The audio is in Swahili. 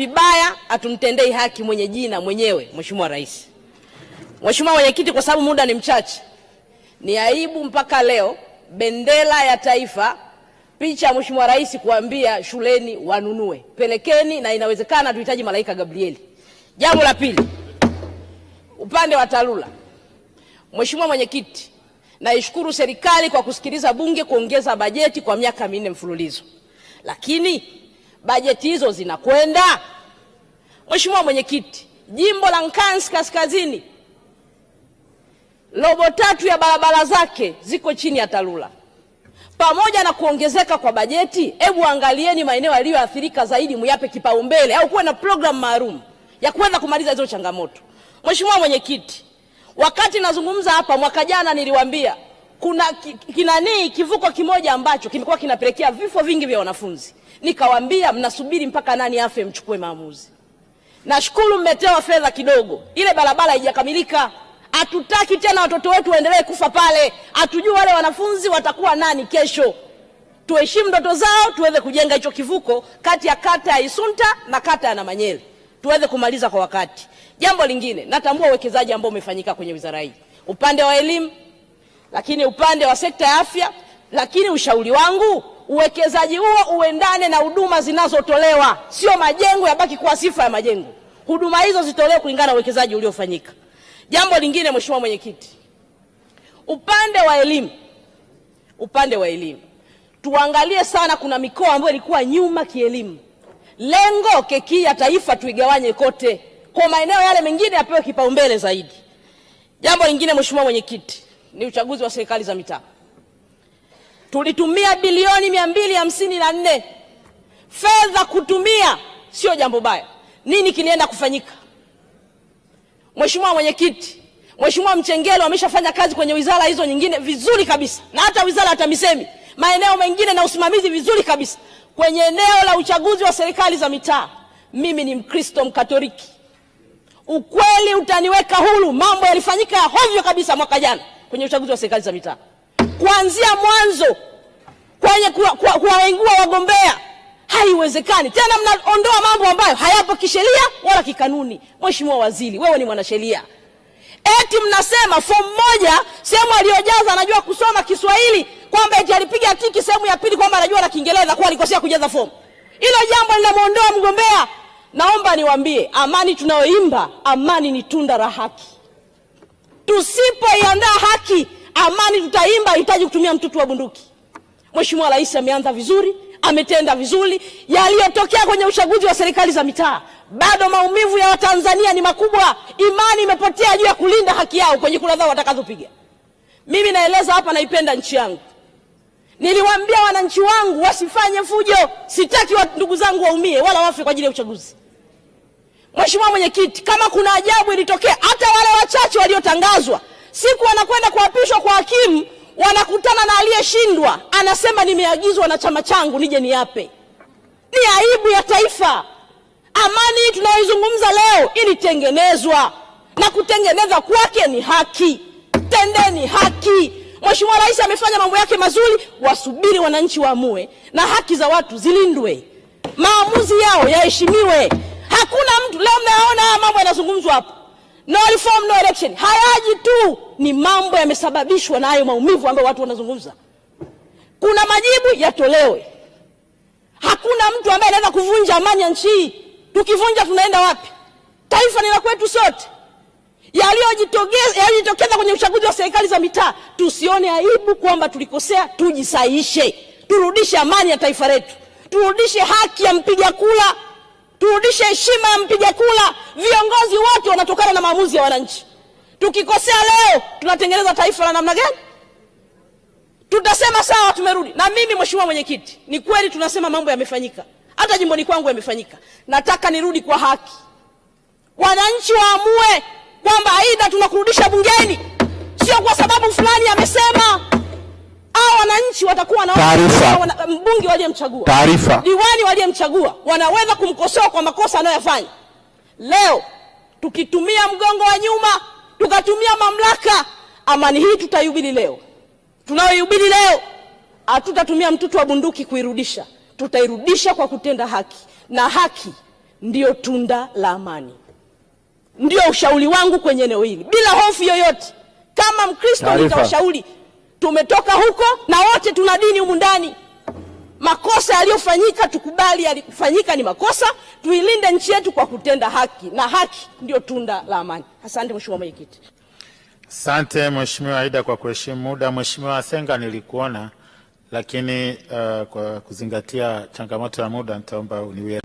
Vibaya hatumtendei haki mwenye jina mwenyewe, Mheshimiwa Rais. Mheshimiwa Mwenyekiti, kwa sababu muda ni mchache, ni aibu mpaka leo bendera ya taifa, picha ya Mheshimiwa Rais kuambia shuleni wanunue, pelekeni na inawezekana tuhitaji malaika Gabrieli. Jambo la pili, upande wa TARURA, Mheshimiwa Mwenyekiti, naishukuru serikali kwa kusikiliza bunge kuongeza bajeti kwa miaka minne mfululizo, lakini bajeti hizo zinakwenda Mheshimiwa Mwenyekiti, jimbo la Nkasi Kaskazini, robo tatu ya barabara zake ziko chini ya TARURA. Pamoja na kuongezeka kwa bajeti, hebu angalieni maeneo yaliyoathirika zaidi, muyape kipaumbele au kuwe na programu maalum ya kuweza kumaliza hizo changamoto. Mheshimiwa Mwenyekiti, wakati nazungumza hapa mwaka jana niliwaambia kuna kinani kivuko kimoja ambacho kimekuwa kinapelekea vifo vingi vya wanafunzi, nikawaambia mnasubiri mpaka nani afe mchukue maamuzi. Nashukuru mmetewa fedha kidogo, ile barabara haijakamilika. Hatutaki tena watoto wetu waendelee kufa pale, hatujui wale wanafunzi watakuwa nani kesho. Tuheshimu ndoto zao, tuweze kujenga hicho kivuko kati ya kata ya Isunta na kata ya Namanyele, tuweze kumaliza kwa wakati. Jambo lingine, natambua uwekezaji ambao umefanyika kwenye wizara hii, upande wa elimu, lakini upande wa sekta ya afya, lakini ushauri wangu uwekezaji huo uendane na huduma zinazotolewa, sio majengo yabaki kuwa sifa ya majengo. Huduma hizo zitolewe kulingana na uwekezaji uliofanyika. Jambo lingine, Mheshimiwa Mwenyekiti, upande wa elimu, upande wa elimu tuangalie sana. Kuna mikoa ambayo ilikuwa nyuma kielimu. Lengo keki ya taifa tuigawanye kote, kwa maeneo yale mengine yapewe kipaumbele zaidi. Jambo lingine, Mheshimiwa Mwenyekiti, ni uchaguzi wa serikali za mitaa tulitumia bilioni mia mbili hamsini na nne. Fedha kutumia sio jambo baya. Nini kilienda kufanyika? Mheshimiwa Mwenyekiti, Mheshimiwa Mchengelo ameshafanya kazi kwenye wizara hizo nyingine vizuri kabisa, na hata wizara ya TAMISEMI maeneo mengine na usimamizi vizuri kabisa. Kwenye eneo la uchaguzi wa serikali za mitaa, mimi ni Mkristo Mkatoliki, ukweli utaniweka huru. Mambo yalifanyika ya hovyo kabisa mwaka jana kwenye uchaguzi wa serikali za mitaa kuanzia mwanzo kwenye kuwaengua wagombea. Haiwezekani tena, mnaondoa mambo ambayo hayapo kisheria wala kikanuni. Mheshimiwa Waziri, wewe ni mwanasheria, eti mnasema fomu moja sehemu aliyojaza anajua kusoma Kiswahili, kwamba eti alipiga tiki sehemu ya pili kwamba anajua na Kiingereza, kwa alikosea kujaza fomu. Hilo jambo linamwondoa mgombea. Naomba niwaambie, amani tunayoimba, amani ni tunda la haki. Tusipoiandaa haki amani tutaimba, hitaji kutumia mtutu wa bunduki. Mheshimiwa Rais ameanza vizuri, ametenda vizuri. Yaliyotokea kwenye uchaguzi wa serikali za mitaa, bado maumivu ya Watanzania ni makubwa. Imani imepotea juu ya kulinda haki yao kwenye kura zao watakazopiga. Mimi naeleza hapa, naipenda nchi yangu. Niliwaambia wananchi wangu wasifanye fujo, sitaki wa ndugu zangu waumie wala wafe kwa ajili ya uchaguzi. Mheshimiwa Mwenyekiti, kama kuna ajabu ilitokea, hata wale wachache waliotangazwa Siku wanakwenda kuapishwa kwa hakimu, wanakutana na aliyeshindwa, anasema nimeagizwa na chama changu nije niape. Ni aibu ya taifa. Amani hii tunayoizungumza leo ilitengenezwa na kutengeneza kwake ni haki. Tendeni haki. Mheshimiwa Rais amefanya mambo yake mazuri, wasubiri wananchi waamue, na haki za watu zilindwe, maamuzi yao yaheshimiwe. Hakuna mtu leo, mnaona mambo yanazungumzwa hapa no reform no election, hayaji tu, ni mambo yamesababishwa na hayo maumivu ambayo watu wanazungumza. Kuna majibu yatolewe. Hakuna mtu ambaye anaweza kuvunja amani ya nchi hii. Tukivunja tunaenda wapi? Taifa ni la kwetu sote. Yaliyojitokeza kwenye uchaguzi wa serikali za mitaa, tusione aibu kwamba tulikosea, tujisaishe, turudishe amani ya taifa letu, turudishe haki ya mpiga kura. Turudishe heshima ya mpiga kura. Viongozi wote wanatokana na maamuzi ya wananchi. Tukikosea leo, tunatengeneza taifa la namna gani? Tutasema sawa, tumerudi. Na mimi mheshimiwa mwenyekiti, ni kweli tunasema mambo yamefanyika, hata jimboni kwangu yamefanyika. Nataka nirudi kwa haki, wananchi waamue kwamba aidha tunakurudisha bungeni, sio kwa sababu fulani amesema hao wananchi watakuwa na wana, mbunge waliyemchagua, taarifa, diwani waliyemchagua wanaweza kumkosoa kwa makosa anayofanya leo. Tukitumia mgongo wa nyuma, tukatumia mamlaka, amani hii tutaihubiri leo, tunayoihubiri leo hatutatumia mtutu wa bunduki kuirudisha, tutairudisha kwa kutenda haki, na haki ndiyo tunda la amani. Ndio ushauri wangu kwenye eneo hili, bila hofu yoyote. Kama Mkristo nitawashauri Tumetoka huko na wote tuna dini humu ndani. Makosa yaliyofanyika tukubali, yalifanyika ni makosa, tuilinde nchi yetu kwa kutenda haki, na haki ndiyo tunda la amani. Asante mheshimiwa mwenyekiti. Asante mheshimiwa Aida kwa kuheshimu muda. Mheshimiwa Asenga, nilikuona lakini uh, kwa kuzingatia changamoto ya muda nitaomba uniwe